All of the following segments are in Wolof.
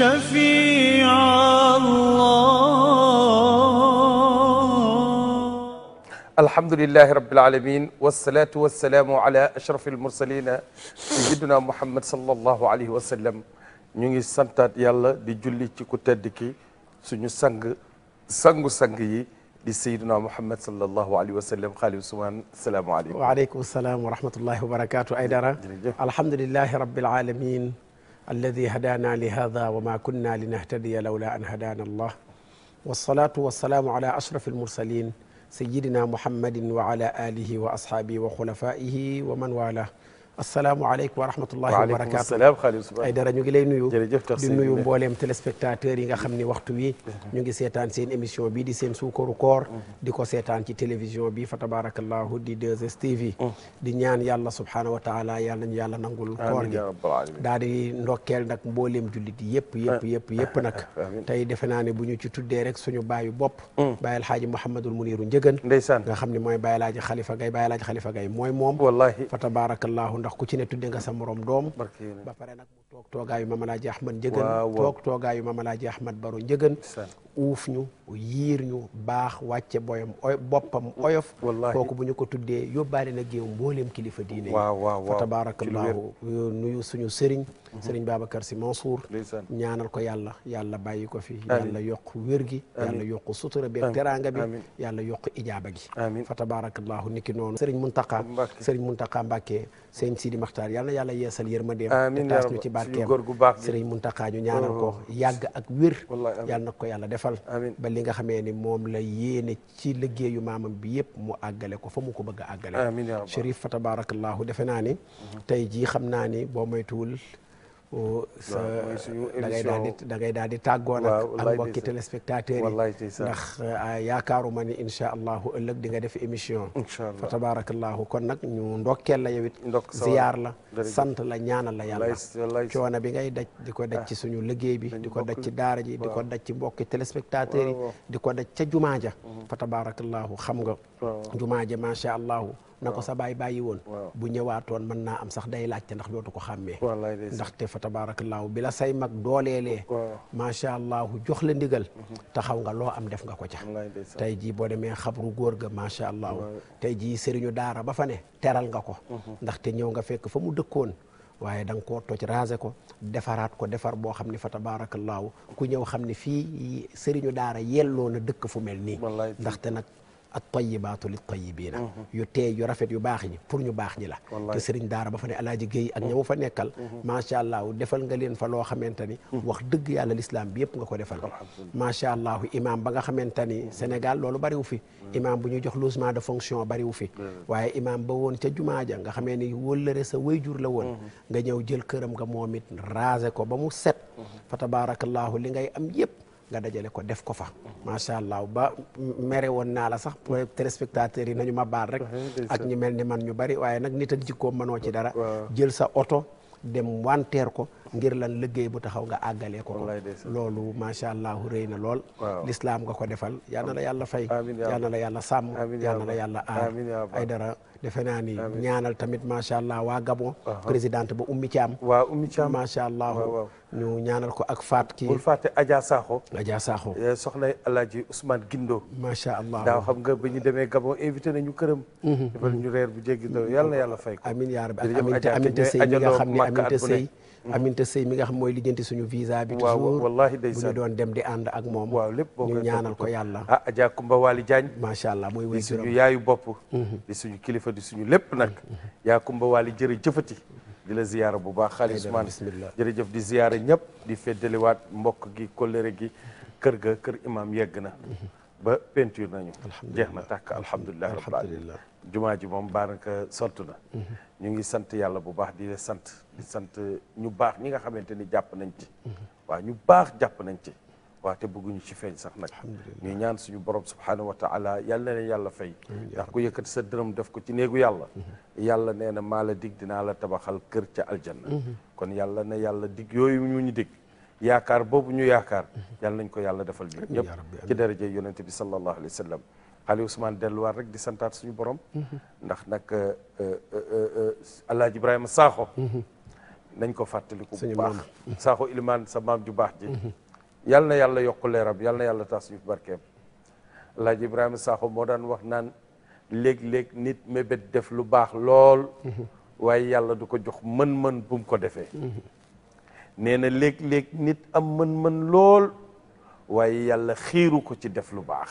شفيع الله الحمد لله رب العالمين والصلاة والسلام على أشرف المرسلين سيدنا محمد صلى الله عليه وسلم ñu ngi santaat yàlla di julli ci ku tedd ki suñu sang sangu-sang yi di sayyidina muhammad sallallahu alayhi wa sallam xaalib sumaan salaamu aleykum waaleykum salaam wa rahmatullahi wa barakaatu ay dara alhamdulilahi rabbil alamin alladi hadaana li hada wa ma kunna linahtadiya lawla an hadaana allah wasalaatu wasalaamu ala ashraf almursalin sayidina muhammadin wa ala alihi wa ashaabihi wa xulafaihi wa man wala asalaamualeykum wa rahmatullahi wa barakaatu ay dara ñu ngi lay nuyu di nuyu mbooleem téléspectateurs yi nga xam ni waxtu wi ñu ngi seetaan seen émission bi di seen suukaru koor di ko seetaan ci télévision bi fa tabarakallahu di 2STV di ñaan yàlla subhaanahu wa taala yàlla nañu yàlla nangul koor gi daal di ndokkeel nag mbooleem jullit yi yëpp yëpp ah. yëpp yëpp nag ah, tey defe naa ne bu ñu ci tuddee rek suñu baayu bopp mm. Baye El Hadji Mouhamadul Muniru Njëgën ndeysaan nga xam ne mooy Baye El Hadji Khalifa Gaye Baye El Hadji Khalifa Gaye mooy moom ndax ku ci ne tudde nga sa morom doom ba pare nag toog toogaayu Mame Alaaji Ahmad Njëgën toog toogaayu Mame Alaaji Ahmad Baro Njëgën uuf ñu yiir ñu baax wàcce boyam boppam oyof kooku bu ñu ko yo yóbbaale na géew mbooleem kilifa diine yi fa tabaarakallaahu euh, nuyu suñu sëriñ mhm. sëriñ Babacar Sy Mansour ñaanal ko yàlla yàlla bàyyi ko fi yàlla yokk wér gi yàlla yokk sutura bi ak teraanga bi yokk ijaaba gi fa tabaarakallaahu niki noonu sëriñ Muntaqa sëriñ Muntaqa Mbàkke sëriñ Sidi Maxtaar yàlla yàlla yeesal yërmandeem te taas ñu ci barkeem sëriñ Muntaxa ñu ñaanal ko oh. yàgg ak wér yàlla na ko yàlla defal ba li nga xamee ni moom la yéene ci liggéeyu maamam bi yëpp mu àggale ko fa mu ko bëgg a àggale chérif fa tabarakallahu defe naa ni mhm. tey jii xam naa ni boo moytuwul sa da ngay daal di da ngay daal di tàggoo nag ak mbokki téléspectateurs yi ndax euh, ah, yaakaaruma ni incha allahu ëllëg di nga def émission fa tabarakallahu kon nag ñu ndokkeel la yow it ziyaar la sant la ñaana la yàlla coono bi ngay daj di ko daj ci ah. suñu liggéey bi di ko daj ci daara ji di ko daj ci mbokki téléspectateurs yi di ko daj ca jumaa ja mm-hmm. fa tabarakallahu xam nga jumaa ja macha allahu na ko sa baay bàyyi woon bu ñëwaatoon mën naa am sax day laajte ndax dootu ko xàmmee ndaxte fa tabaarakallaahu bi la say mag dooleelee macha allah jox la ndigal mhm. taxaw nga loo am def nga ko ta ji jii boo demee xabru góor ga macha allah tey jii sëriñu daara ba fa ne teral nga ko mhm. ndaxte ñëw nga fekk fa mu dëkkoon waaye da nga koo toj raser ko defaraat ko defar boo xam ne fa tabaarakallaahu ku ñëw xam ne fii sëriñu daara yelloo na dëkk fu mel nii ndaxte nag at tayibaatu lit tayibiina mm-hmm. yu teey yu rafet yu baax ñi pour ñu baax ñi la te sëriñ daara ba fa ne alaaji géey ak ñamu fa nekkal mm-hmm. macha allah defal nga leen fa loo xamante ni mm-hmm. wax dëgg yàlla l'islam bi yëpp nga ko defal macha allah imam ba nga xamante ni Sénégal loolu bariwu fi imam bu ñu jox logement de fonction bariwu fi waaye imam ba woon ca jumaa ja nga xamee ni wëllëre sa wayjur la woon nga ñëw jël këram nga moom it raser ko ba mu set fa tabarakallahu li ngay am yëpp nga dajale ko def ko fa macha allah ba mere woon naa la sax téléspectateurs yi nañu ma baal rek mhm, ak ñu mel ni man ñu bari waaye nag nit ak jikkoom mënoo ci dara jël sa oto dem wanteer ko ngir lan liggéey bu taxaw nga àggalee ko ko loolu macha allah rëy na lool lislaam nga ko defal yal na la yàlla fay yal na la yàlla sàmm yal na la yàlla ay dara defe naa ni ñaanal tamit macha allah waa Gabon présidente ba Ummi Thiam waaw Ummi Thiam macha allah ñaanal ko ak faat kii ajaa fàtte Adja Sakho Adja Sakho eh, soxnay Alaaji Ousmane Gindo macha allah daaw xam nga ba ñu demee Gabon invité nañu këram mhm. defal ñu reer bu jéggi mhm. yàlla na yàlla fay ko amiin yaa rabbi aminte aminte sëy mi nga xam ne aminte sëy Mm-hmm. Aminta Sey mi nga xam mooy lijjanti suñu visa bi toujours wallahi day bu ñu doon dem di ànd ak moom waaw lépp boo ñu ñaanal ko yàlla ah Adja Kumba Waly Diagne macha allah mooy wéy suñu yaayu bopp mm-hmm. di suñu kilifa di suñu lépp nag mm-hmm. yaa Kumba Waly jërëjëfati di la ziyaara bu baax xaali Ousmane jërëjëf di ziyaara ñëpp di feddaliwaat mbokk gi kóllëre gi kër ga kër imam yegg na ba peinture nañu jeex na tàkk alhamdulilahi rabbil alamin jumaa ji moom baanaka soltu na mhm. ñu ngi sant yàlla bu baax di sant sant ñu baax ñi nga xamante ni jàpp nañ ci mhm. waaw ñu baax jàpp nañ ci waaw te bëgguñu ci feeñ sax nag ñu ñaan suñu borom subhanahu wa taala yal na yàlla fay ndax ku yëkkati sa dërëm def ko ci néegu yàlla mhm. yàlla nee na maa la dig dinaa la tabaxal kër ca aljanna kon yàlla na yàlla dig yooyu ñu ñu dig yaakaar boobu ñu yaakaar mhm. yàlla nañ ko yàlla defal ñu ñëpp ci daraja yonent bi sallallahu alayhi wa sallam Ali Ousmane delluwaat rek di santaat suñu borom mhm. ndax nag euh, euh, euh, Alaaji Ibrahima Sakho mhm. nañ ko fàttaliku bu baax Sakho Ilimaan sa maam ju baax ji yàlla na yàlla yokk leeram yàlla na yàlla taas suñu barkeem Alaaji Ibrahima Sakho moo daan wax naan léeg-léeg nit mébét def lu baax lool waaye yàlla du ko jox mën-mën bu ko defee nee na léeg-léeg nit am mën-mën lool waaye yàlla xiiru ko ci def lu baax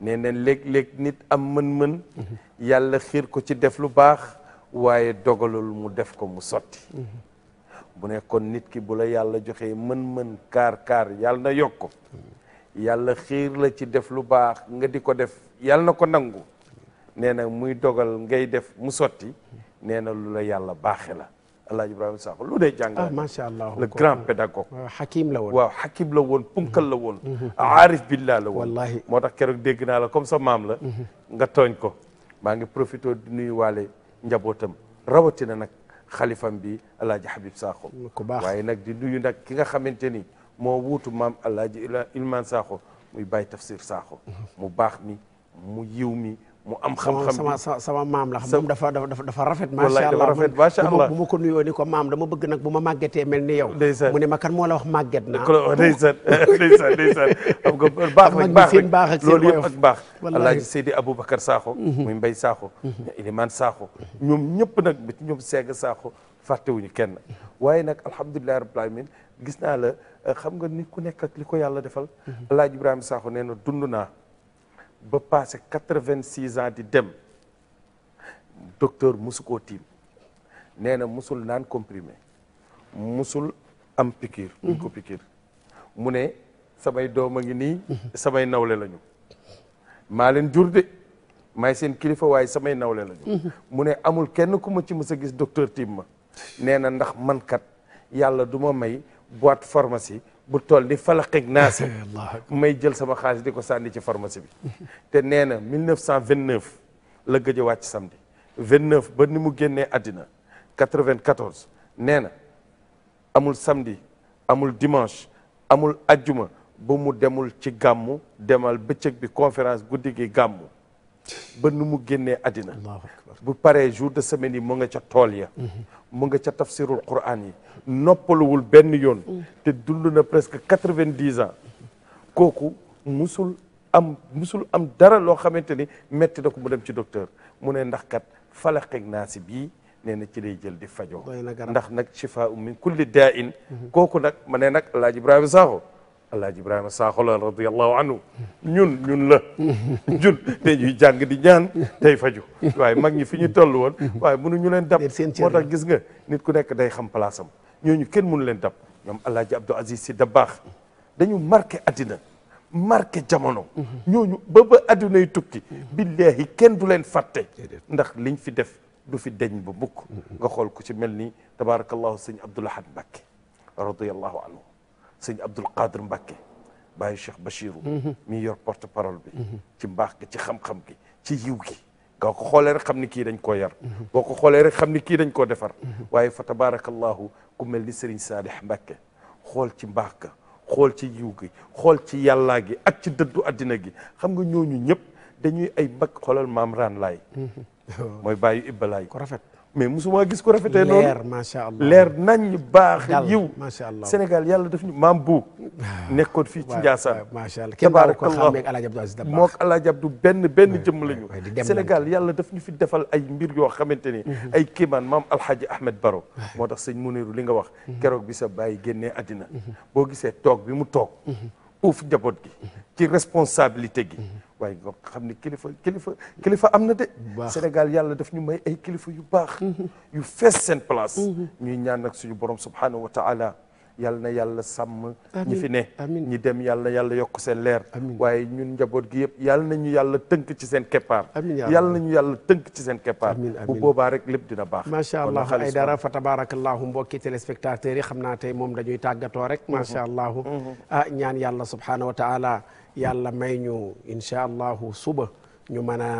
nee na léeg-léeg nit am mën-mën yàlla xiir ko ci def lu baax waaye dogalul mu def ko mu sotti bu nekkoon nit ki bu la yàlla joxee mën-mën kaar kaar yàlla na yokk yàlla xiir la ci def lu baax nga di ko def yàlla na ko nangu nee na muy dogal ngay def mu sotti nee na lu la yàlla baaxe la Alaaji Ibrahima Sakho lu dee jàngale. ah macha allah le grand pédagogue. Ah, hakim la woon waaw hakim la woon punkal la woon. Mhm. aarif billah la woon. wallaahi moo tax keroog dégg naa la comme sa maam la. Mhm. nga tooñ ko. maa ngi profité di waale njabootam rawatina nag xalifam bi Alaaji Habib saako ku baax waaye nag di nuyu nag ki nga xamante ni moo wuutu maam Alaaji Ilman saako muy Baye Tafsir saako mhm. mu baax mi mu yiw mi. mu am xam-xam oh, sama sama maam la xam moom dafa dafa dafa rafet macha allah rafet macha allah bu ma ko nuyoo ni ko maam dama bëgg nag bu ma màggetee mel ni yow mu ne ma kan moo la wax màgget naa ndeysaan ndeysaan ndeysaan xam nga baax rek baax rek baax ak loolu yëpp ak baax alaaji Seydi Aboubacar Sakho mhm. muy Mbaye Sakho mhm. Elimane Sakho ñoom ñëpp nag bi ñoom Sega Sakho kenn waaye nag alhamdulilahi rabbil alamin gis naa la xam nga nit ku nekk ak li ko yàlla defal mhm. alaaji Ibrahima Sakho nee na dund naa ba passé quatre-vingt-six ans di dem docteur musu koo tiim nee na musul naan comprimer musul am piqûre mu ne samay doom a ngi nii samay nawle lañu maa leen jur de maay seen kilifa waaye samay nawle lañu mu ne amul kenn ku ma ci mës a gis docteur tiim ma nee na ndax mankat yàlla du ma may boîte pharmacie bu toll di falaxeeg naas may jël sama xaalis di ko sànni ci pharmacie bi te nee na 1929 la gëj a wàcc samedi ba ni mu génnee àddina 94 nee na amul samedi amul dimanche amul ajjuma ba mu demul ci gàmmu demal bëccëg bi conférence guddi gi gàmmu ba nu mu génnee àddina bu paree jour de semaine yi mu nga ca tool ya mu nga ca tafsirul quran yi noppaluwul benn yoon te dund na presque quatre-vingt-dix ans kooku musul am musul am dara loo xamante ni metti na ko mu dem ci docteur mu ne ndax kat falaqeeg naa si bii nee na ci lay jël di fajoo ndax nag shifaa min kulli daa mm-hmm. kooku nag ma ne nag alaaji Ibrahima Sakho alaaji ibrahima saaxo la radiallahu anhu ñun ñun la ñun dañuy jàng di ñaan tey faju waaye mag ñi fi ñu toll woon waaye mënu ñu leen dab moo tax gis nga nit ku nekk day xam palaasam ñooñu kenn mënu leen dab ñoom alaaji abdou aziz si dabaax dañu marqué addina marqué jamono mm-hmm. ñooñu ba ba adduna yi tukki mm-hmm. billahi kenn du leen fàtte ndax liñ fi def du fi deñ ba bukk mm-hmm. nga xool ku ci mel ni tabarakallahu sëñ abdoulahad mbakke radiallahu anhu sëñ Abdoul Khadr Mbacke bàyyi Cheikh Bachirou. mi yor porte bi. ci mbaax gi ci xam-xam gi ci yiw gi. nga ko xoolee rek xam ni kii dañ koo yar. boo ko xoolee rek xam ni kii dañ koo defar. waaye fa tabaarakallahu ku mel ni Serigne Salih Mbacke xool ci mbaax ga xool ci yiw gi xool ci yàllaa gi ak ci dëddu addina gi xam nga ñooñu ñëpp dañuy ay mbag xoolal maam raan laay mooy bàyyi ibbalaay ko rafet mais musuma gis ko rafetee noonu leer leer nañ baax. yiw macha allah Sénégal yàlla def ñu maam bu. nekkoon fii ci Ndiassane. macha allah ko xàmmee ak El Hadj Abdou Aziz Dabakh mook El Hadj Abdou benn benn jëmm lañu. Sénégal yàlla def ñu fi defal ay mbir yoo xamante ni. Mhm. ay kéemaan maam Alhaji Ahmed Baro. moo tax sëñ Muniru li nga wax. Mhm. keroog bi sa bàyyi génnee àddina. Mhm. boo gisee toog bi mu toog. uuf njaboot gi. ci responsabilité gi. waaye nga xam ne kilifa kilifa kilifa am na de. Sénégal yàlla daf ñu may ay kilifa yu baax. Mm-hmm. yu fees seen place. Mm-hmm. ñuy ñaan nag suñu borom subhanahu wa ta'ala. yal na yàlla sàmm ñi fi ne ñi dem yal na yàlla yokk seen leer waaye ñun njaboot gi yëpp yal na ñu yàlla tënk ci seen keppaar yal na ñu yàlla tënk ci seen keppaar bu boobaa rek lépp dina baax macha allah ay dara fa tabarakallahu mbokki téléspectateurs yi xam naa tey moom dañuy tàggatoo rek mm-hmm. macha allah mm-hmm. a ah, ñaan yàlla subhanahu wa taala yàlla may ñu incha allahu suba ñu mën a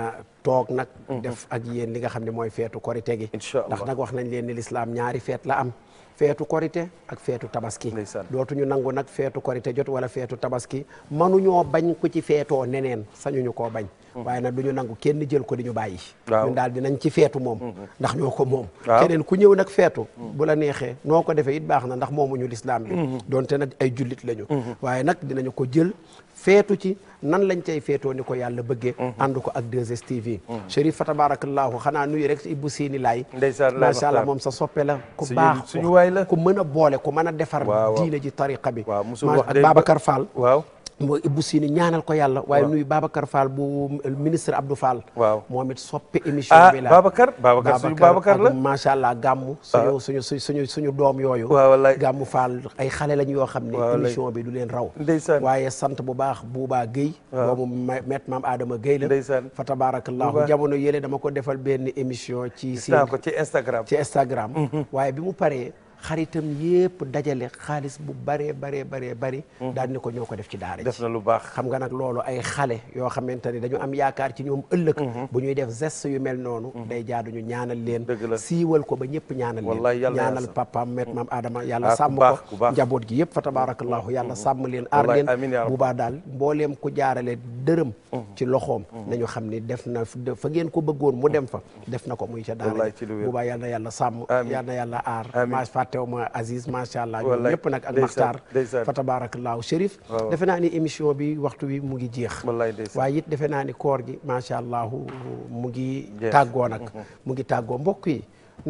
toog nag mm-hmm. def ak yéen li nga xam ne mooy feetu korite gi ndax nag wax nañ leen lislaam ñaari feet la am feetu korité ak feetu tabaski dootuñu nangu nag feetu korité jot wala feetu tabaski manuñoo bañ ku ci feetoo neneen sañuñu koo bañ Mhm. waaye nag du ñu nangu kenn jël ko di ñu bàyyi ñun daal dinañ ci feetu moom mhm. ndax ñoo ko moom keneen ku ñëw nag feetu mhm. bu la neexee noo ko defee it baax na ndax moomuñu lislaam bi donte nag ay jullit lañu waaye nag dinañu ko jël feetu ci nan lañ cay feetoo ni ko yàlla bëggee ànd ko ak 2STV Chérif tabarakallahu xanaa nuyu rek Ibou Sini Laay macha allah moom sa soppe la ku baax suñu waay la ku mën a boole ku mën a defar diine ji tariqa bi Babacar Fall waaw mooy Ibou Sine ñaanal ko yàlla. waaye nuyu Babacar Fall bu ministre Abdou Fall. waaw moom it soppe émission ah, bi la ah Babacar. Babacar suñu Babacar la macha allah gàmmu. waaw ah. suñu suñu suñu suñu doom yooyu. waaw wallaay gàmmu Fall ay xale lañ yoo xam ne. émission bi du leen raw. ndeysaan waaye sant bu baax Bouba Guèye. waaw ah. boobu met maam Adama Guèye la. ndeysaan fa tabaarakallaahu jamono yële dama ko defal benn émission. ci ci Instagram ci Instagram. Mhm. waaye bi mu paree. xaritam yépp dajale xaalis bu baree baree baree bari mhm. daal ni ko ñoo ko def ci daara def na lu baax xam nga nag loolu ay xale yoo xamante ne dañu am yaakaar ci ñoom ëllëg mhm. bu ñuy def geste yu mel noonu mhm. day ñu ñaanal leen siiwal ko ba ñëpp ñaanal leen ñaanal papaam met maam Adama yàlla ah, sàmm ko njaboot gi yëpp fa tabaarakallaahu yàlla sàmm leen aar leen bu baa daal mbooleem ku jaarale dërëm ci loxoom nañu xam ni def na fa ngeen ko bëggoon mu dem fa def na ko muy ca daara tew ma Aziz macha allah ñoom ñëpp nag ak Maxtaar fa tabaarakallaahu Chérif defe naa ni émission bi waxtu wi mu ngi jeex waaye it defe naa ni koor gi macha allah mu ngi tàggoo nag mm-hmm. mu ngi tàggoo mbokk yi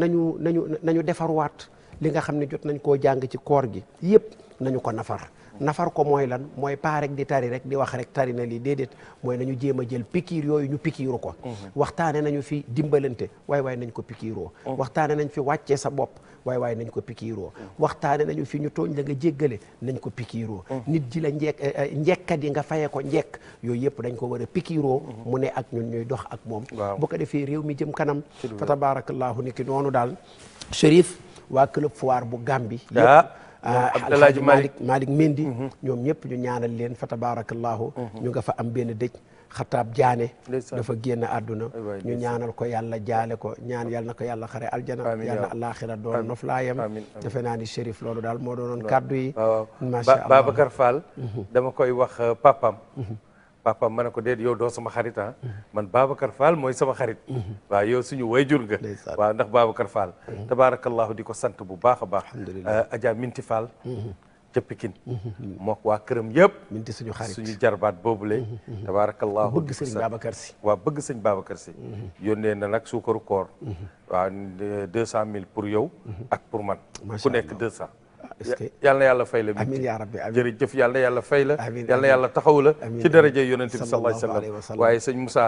nañu nañu nañu defarwaat li nga xam ne jot nañ koo jàng ci koor gi yëpp nañu ko nafar nafar ko mooy lan mooy paa rek di tari rek di wax rek tari na lii déedéet mooy na ñu a jël pikiir yooyu ñu pikiiru ko mhm. waxtaane nañu fi dimbalante waay waay nañ ko pikiiroo mhm. waxtaane nañ fi wàccee sa bopp waay waay nañ ko pikiiroo mhm. waxtaane nañu fi ñu tooñ la nga jéggale nañ ko pikiiroo nit ji la njekk eh, eh, njekkat yi nga faye ko njekk yooyu yëpp dañ ko war a pikiiroo mu ne ak ñun ñuy dox ak moom bu ko defee réew mi jëm kanam fa tabaarakallaahu ni ki noonu daal Chérif waa club foire bu Gambie ah. yëpp Euh, alxaaji Malick Malick Mendy mm-hmm. ñoom ñëpp ñu ñaanal leen fa tabarakallahu mm-hmm. ñu nga fa am benn dëj xataab jaane dafa génn àdduna ñu ñaanal ko yàlla jaale ko ñaan yàlla na ko yàlla xare aljana yàlla na alaxira doon noflaayam defe naa ni shérif loolu daal moo doonoon kàddu yi macha allah Babacar Fall mm-hmm. dama koy wax euh, papam papa ma ne ko déet yow doo sama xarit ah man Babacar Fall mooy sama xarit waaw yow suñu wayjur nga waaw ndax Babacar Fall mm-hmm. tabarakallahu di ko sant bu baax a baax euh, Adja Minti Fall mm-hmm. ca Pikine mm-hmm. moo ko waa këram yëpp minti suñu xarit suñu jarbaat boobule tabarakallahu bëgg sëñ Babacar si waaw bëgg sëñ Babacar si yónnee na nag suukaru koor waaw deux cent mille pour yow ak pour man ku nekk deux cent yal na yàlla fay la amiin yaa rabbi amiin jërëjëf yal na yàlla fay la yal na yàlla taxaw la ci daraja yonent bi sallallahu alayhi wa sallam waaye sëñ Moussa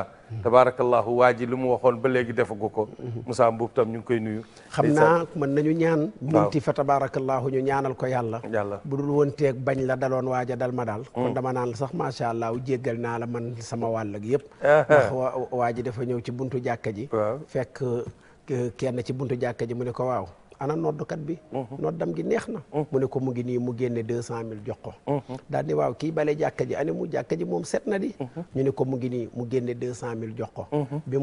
tabaarakallahu waa ji li mu waxoon ba léegi defagu ko mm-hmm. Moussa Mbuub tam ñu ngi koy nuyu xam naa mën nañu ñaan munti fa tabaarakallahu ñu ñaanal ko yàlla yàlla bu dul woon teeg bañ la daloon waaja dal ma daal kon mm. dama naan sax macha allah jéggal naa la man sama wàll ak yëpp ndax waa ji dafa ñëw ci buntu jàkka ji fekk kenn ci buntu jàkka ji mu ne ko waaw ana noddkat bi mhm. noddam gi neex mhm. mu ne ko mu ngi nii mu génne deux cent mille jox ko mhm. daal ni waaw kii bale jàkka ji mu jàkka ji moom di ñu ne ko mu ngi mu génne deux cent mille jox ko bi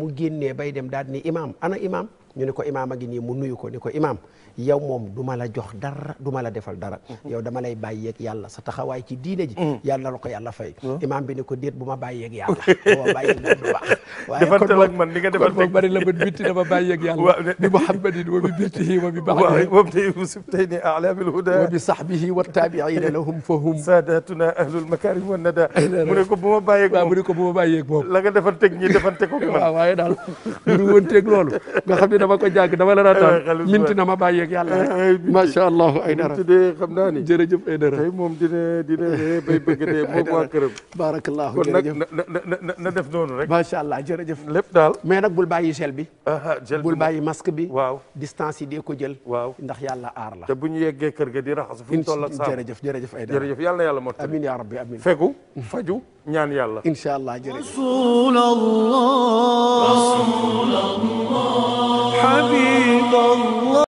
mu bi bay dem daal ni imaam ana imaam ñu ne ko imaam a ngi mu nuyu ko ni ko imaam yow moom du ma la jox dara du la defal dara mm-hmm. yow dama lay bàyyeeg yàlla sa taxawaay ki diine ji mm-hmm. yàlla la ko yàlla fay mm-hmm. imaam bi ne ko déet bu ma bàyyeeg yàlla boo bàyyeeg moom du baax waaye defal ak man ni nga defal la bët bitti dama bàyyeeg yàlla bi muhammadin wa bi birtihi wa bi baxdihi wa bi sibtayni a'lamil huda wa bi sahbihi wa tabi'ina lahum fahum sadatuna ahlul makarim wan nada mu ne ko bu ma bàyyeeg moom mu ne ko bu la nga defante ñi defante ko waaw waaye daal lu dama ko dama la eh, na ma bàyyi ak yàlla rek eh, macha xam naa ni jërëjëf ay dara tey moom def noonu rek macha allah jërëjëf lépp daal mais nag bul bàyyi gel bi bul bàyyi masque bi waaw distance yi dee ko jël waaw ndax yàlla aar la bu ñu yeggee kër ga di raxas fu ñu toll ak saa jërëjëf jërëjëf ay dara yàlla na yàlla mottali amin ya rabbi amin fegu faju ñaan yàlla incha allah jërëjëf rasulallah حبيب الله